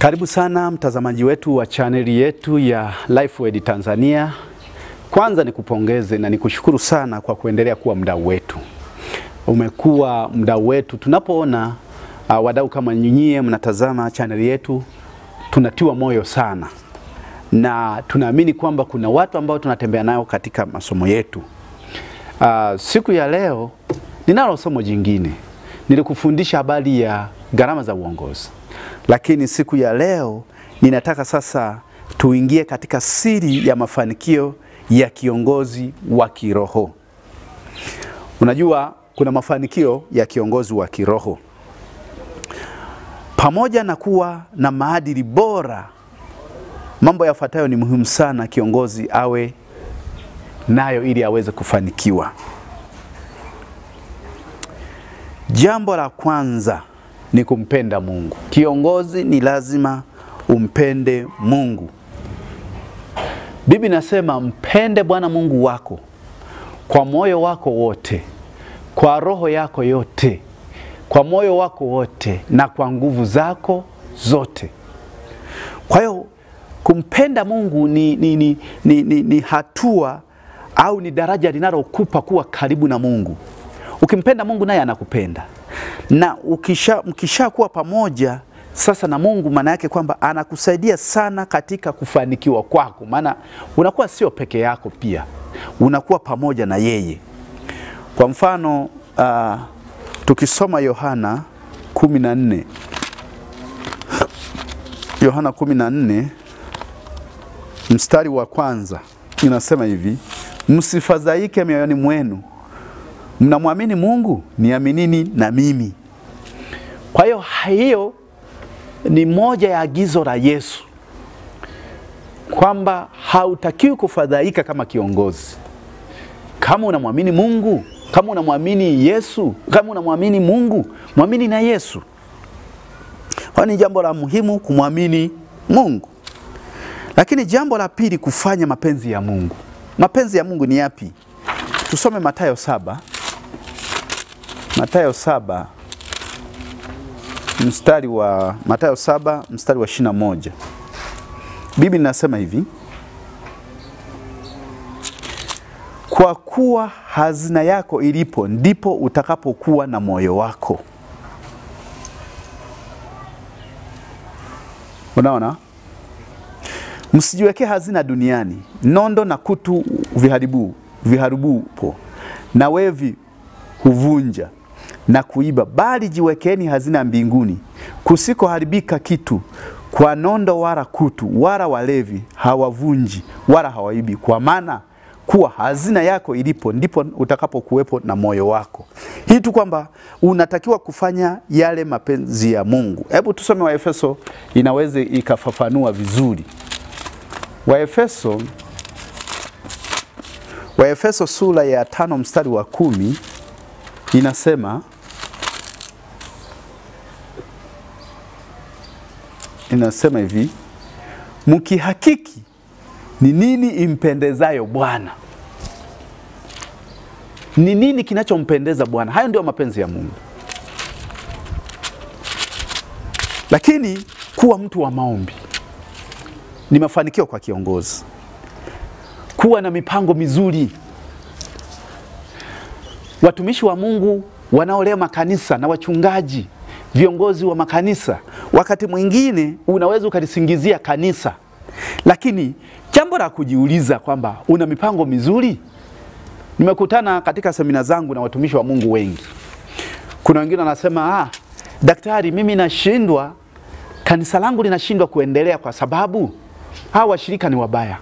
Karibu sana mtazamaji wetu wa chaneli yetu ya Lifewed Tanzania. Kwanza nikupongeze na nikushukuru sana kwa kuendelea kuwa mdau wetu. Umekuwa mdau wetu tunapoona uh, wadau kama nyinyi mnatazama chaneli yetu, tunatiwa moyo sana na tunaamini kwamba kuna watu ambao tunatembea nao katika masomo yetu. Uh, siku ya leo ninalo somo jingine, nilikufundisha habari ya gharama za uongozi lakini siku ya leo ninataka sasa tuingie katika siri ya mafanikio ya kiongozi wa kiroho. Unajua kuna mafanikio ya kiongozi wa kiroho. Pamoja na kuwa na maadili bora, mambo yafuatayo ni muhimu sana kiongozi awe nayo ili aweze kufanikiwa. Jambo la kwanza ni kumpenda Mungu. Kiongozi ni lazima umpende Mungu. Bibi nasema mpende Bwana Mungu wako kwa moyo wako wote, kwa roho yako yote, kwa moyo wako wote na kwa nguvu zako zote. Kwa hiyo kumpenda Mungu ni, ni, ni, ni, ni, ni hatua au ni daraja linalokupa kuwa karibu na Mungu. Ukimpenda Mungu naye anakupenda na ukisha, mkishakuwa pamoja sasa na Mungu, maana yake kwamba anakusaidia sana katika kufanikiwa kwako, maana unakuwa sio peke yako, pia unakuwa pamoja na yeye. Kwa mfano uh, tukisoma Yohana 14 Yohana 14 mstari wa kwanza inasema hivi, msifadhaike mioyoni mwenu mnamwamini Mungu, niaminini na mimi. Kwa hiyo hiyo ni moja ya agizo la Yesu kwamba hautakiwi kufadhaika kama kiongozi. Kama unamwamini Mungu, kama unamwamini Yesu, kama unamwamini Mungu, mwamini na Yesu. Kwa ni jambo la muhimu kumwamini Mungu. Lakini jambo la pili, kufanya mapenzi ya Mungu. Mapenzi ya Mungu ni yapi? Tusome Mathayo saba Mathayo saba mstari wa Mathayo saba mstari wa shina moja Biblia inasema hivi: kwa kuwa hazina yako ilipo ndipo utakapokuwa na moyo wako. Unaona, msijiwekee hazina duniani, nondo na kutu viharibu viharibupo, na wevi huvunja na kuiba, bali jiwekeni hazina mbinguni kusikoharibika kitu, kwa nondo wala kutu wala walevi hawavunji wala hawaibi, kwa maana kuwa hazina yako ilipo ndipo utakapokuwepo na moyo wako. Hii tu kwamba unatakiwa kufanya yale mapenzi ya Mungu. Hebu tusome Waefeso, inaweza ikafafanua vizuri. Waefeso Waefeso sura ya tano mstari wa kumi inasema inasema hivi, mkihakiki ni nini impendezayo Bwana. Ni nini kinachompendeza Bwana? Hayo ndio mapenzi ya Mungu. Lakini kuwa mtu wa maombi ni mafanikio kwa kiongozi. Kuwa na mipango mizuri. Watumishi wa Mungu wanaolea makanisa na wachungaji viongozi wa makanisa, wakati mwingine unaweza ukalisingizia kanisa, lakini jambo la kujiuliza kwamba una mipango mizuri. Nimekutana katika semina zangu na watumishi wa Mungu wengi, kuna wengine wanasema ah, daktari, mimi nashindwa, kanisa langu linashindwa kuendelea kwa sababu hawa washirika ni wabaya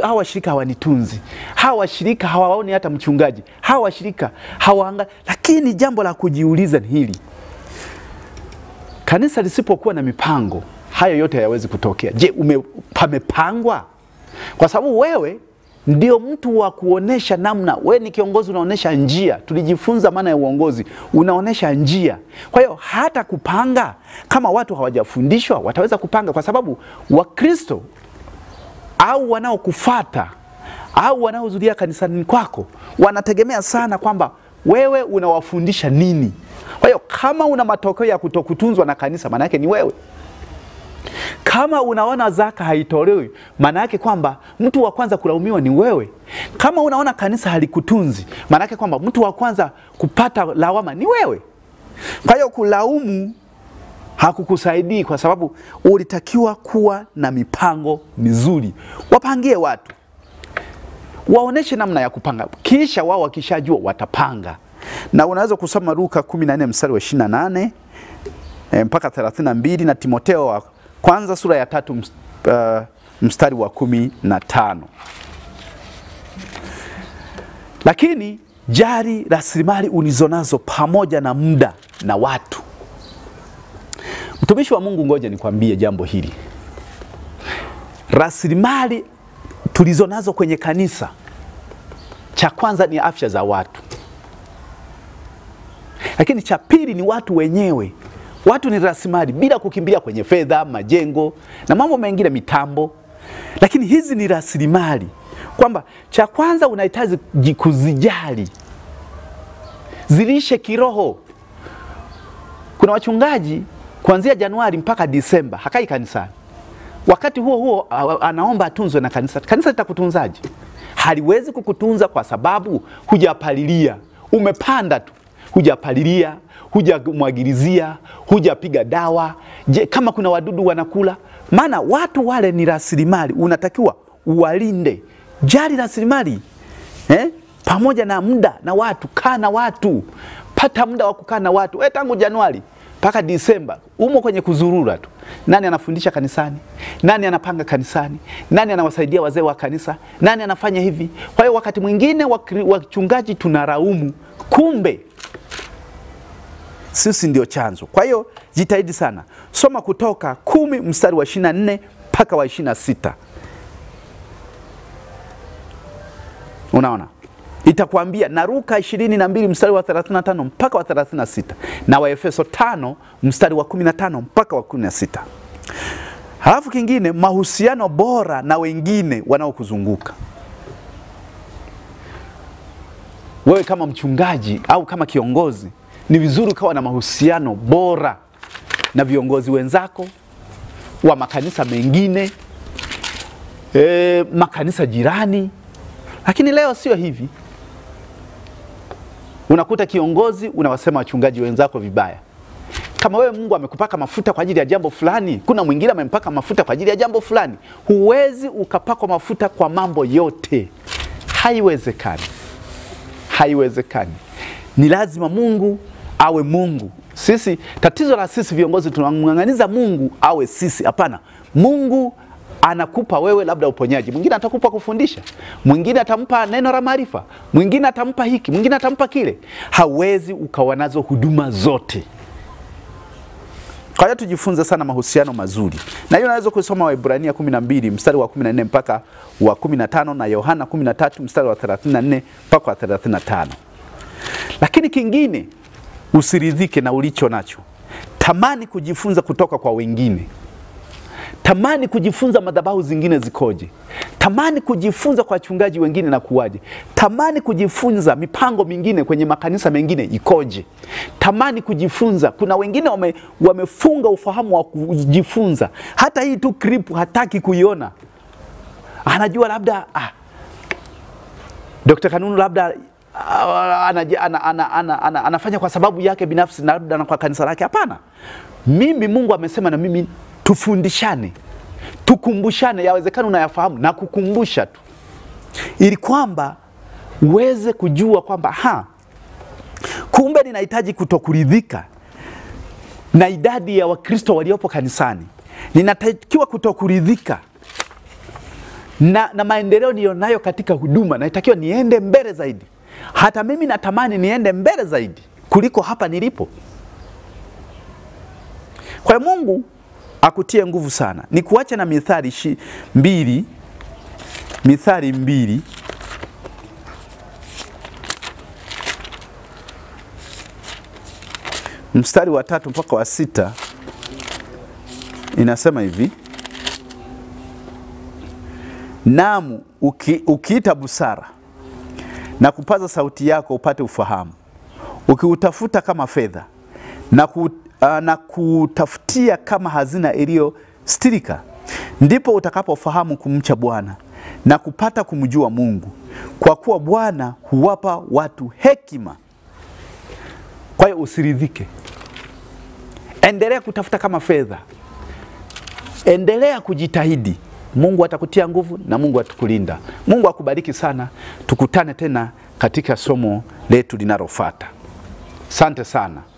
hawa washirika hawanitunzi, hawa washirika hawaoni hata mchungaji, hawa washirika hawaanga. Lakini jambo la kujiuliza ni hili. Kanisa lisipokuwa na mipango, hayo yote hayawezi kutokea. Je, ume, pamepangwa? Kwa sababu wewe ndio mtu wa kuonesha namna. We ni kiongozi, unaonesha njia. Tulijifunza maana ya uongozi, unaonesha njia. Kwa hiyo hata kupanga, kama watu hawajafundishwa wataweza kupanga, kwa sababu Wakristo au wanaokufata au wanaohudhuria kanisani kwako wanategemea sana kwamba wewe unawafundisha nini. Kwa hiyo kama una matokeo ya kutokutunzwa na kanisa, maana yake ni wewe. Kama unaona zaka haitolewi, maana yake kwamba mtu wa kwanza kulaumiwa ni wewe. Kama unaona kanisa halikutunzi, maana yake kwamba mtu wa kwanza kupata lawama ni wewe. Kwa hiyo kulaumu hakukusaidii kwa sababu ulitakiwa kuwa na mipango mizuri. Wapangie watu, waoneshe namna ya kupanga, kisha wao wakishajua watapanga na unaweza kusoma Luka 14 mstari wa 28 e, mpaka 32 na Timoteo wa kwanza sura ya tatu e, mstari wa kumi na tano. Lakini jari rasilimali ulizonazo pamoja na muda na watu. Mtumishi wa Mungu, ngoja nikwambie jambo hili. Rasilimali tulizonazo kwenye kanisa, cha kwanza ni afya za watu. Lakini cha pili ni watu wenyewe. Watu ni rasilimali bila kukimbilia kwenye fedha, majengo na mambo mengine, mitambo, lakini hizi ni rasilimali, kwamba cha kwanza unahitaji kuzijali, zilishe kiroho. Kuna wachungaji kuanzia Januari mpaka Disemba hakai kanisani, wakati huo huo anaomba atunzwe na kanisa. Kanisa litakutunzaje? Haliwezi kukutunza kwa sababu hujapalilia, umepanda tu hujapalilia, hujamwagilizia, hujapiga dawa. Je, kama kuna wadudu wanakula? Maana watu wale ni rasilimali, unatakiwa uwalinde. Jali rasilimali eh? pamoja na muda na watu, kaa na watu, pata muda wa kukaa na watu. We, eh, tangu Januari mpaka Disemba umo kwenye kuzurura tu. Nani anafundisha kanisani? Nani anapanga kanisani? Nani anawasaidia wazee wa kanisa? Nani anafanya hivi? Kwa hiyo wakati mwingine wachungaji tunaraumu, kumbe sisi ndio chanzo. Kwa hiyo jitahidi sana, soma Kutoka kumi mstari wa nne mpaka wa sita Unaona, itakwambia na Luka 22 mstari wa 35 mpaka wa 36 na Waefeso 5 mstari wa 15 mpaka wa 16. Halafu kingine, mahusiano bora na wengine wanaokuzunguka. wewe kama mchungaji au kama kiongozi, ni vizuri ukawa na mahusiano bora na viongozi wenzako wa makanisa mengine e, makanisa jirani. Lakini leo sio hivi, unakuta kiongozi unawasema wachungaji wenzako vibaya. Kama wewe Mungu amekupaka mafuta kwa ajili ya jambo fulani, kuna mwingine amempaka mafuta kwa ajili ya jambo fulani. Huwezi ukapakwa mafuta kwa mambo yote, haiwezekani haiwezekani. Ni lazima Mungu awe Mungu. Sisi tatizo la sisi viongozi tunamng'ang'aniza Mungu awe sisi. Hapana, Mungu anakupa wewe labda uponyaji, mwingine atakupa kufundisha, mwingine atampa neno la maarifa, mwingine atampa hiki, mwingine atampa kile. Hawezi ukawa nazo huduma zote. Kwa hiyo tujifunze sana mahusiano mazuri, na hiyo unaweza kusoma Waebrania 12 mstari wa 14 mpaka wa 15 na Yohana 13 mstari wa 34 mpaka wa 35. Lakini kingine, usiridhike na ulicho nacho, tamani kujifunza kutoka kwa wengine. Tamani kujifunza madhabahu zingine zikoje, tamani kujifunza kwa wachungaji wengine na kuwaje, tamani kujifunza mipango mingine kwenye makanisa mengine ikoje, tamani kujifunza. Kuna wengine wame, wamefunga ufahamu wa kujifunza, hata hii tu clip hataki kuiona, anajua labda ah, Dr. Kanunu labda ah, anafanya ana, ana, ana, ana, anafanya kwa sababu yake binafsi na labda na kwa kanisa lake. Hapana, mimi Mungu amesema na mimi tufundishane, tukumbushane, yawezekana unayafahamu na kukumbusha tu, ili kwamba uweze kujua kwamba ha, kumbe ninahitaji kutokuridhika na idadi ya Wakristo waliopo kanisani, ninatakiwa kutokuridhika na, na maendeleo niliyonayo katika huduma, natakiwa niende mbele zaidi. Hata mimi natamani niende mbele zaidi kuliko hapa nilipo. Kwa Mungu akutie nguvu sana. Ni kuacha na Mithali mbili, Mithali mbili mstari wa tatu mpaka wa sita inasema hivi namu uki, ukiita busara na kupaza sauti yako upate ufahamu, ukiutafuta kama fedha na, ku, uh, na kutafutia kama hazina iliyostirika, ndipo utakapofahamu kumcha Bwana na kupata kumjua Mungu, kwa kuwa Bwana huwapa watu hekima. Kwa hiyo usiridhike, endelea kutafuta kama fedha, endelea kujitahidi. Mungu atakutia nguvu na Mungu atakulinda. Mungu akubariki sana. Tukutane tena katika somo letu linalofuata. Asante sana.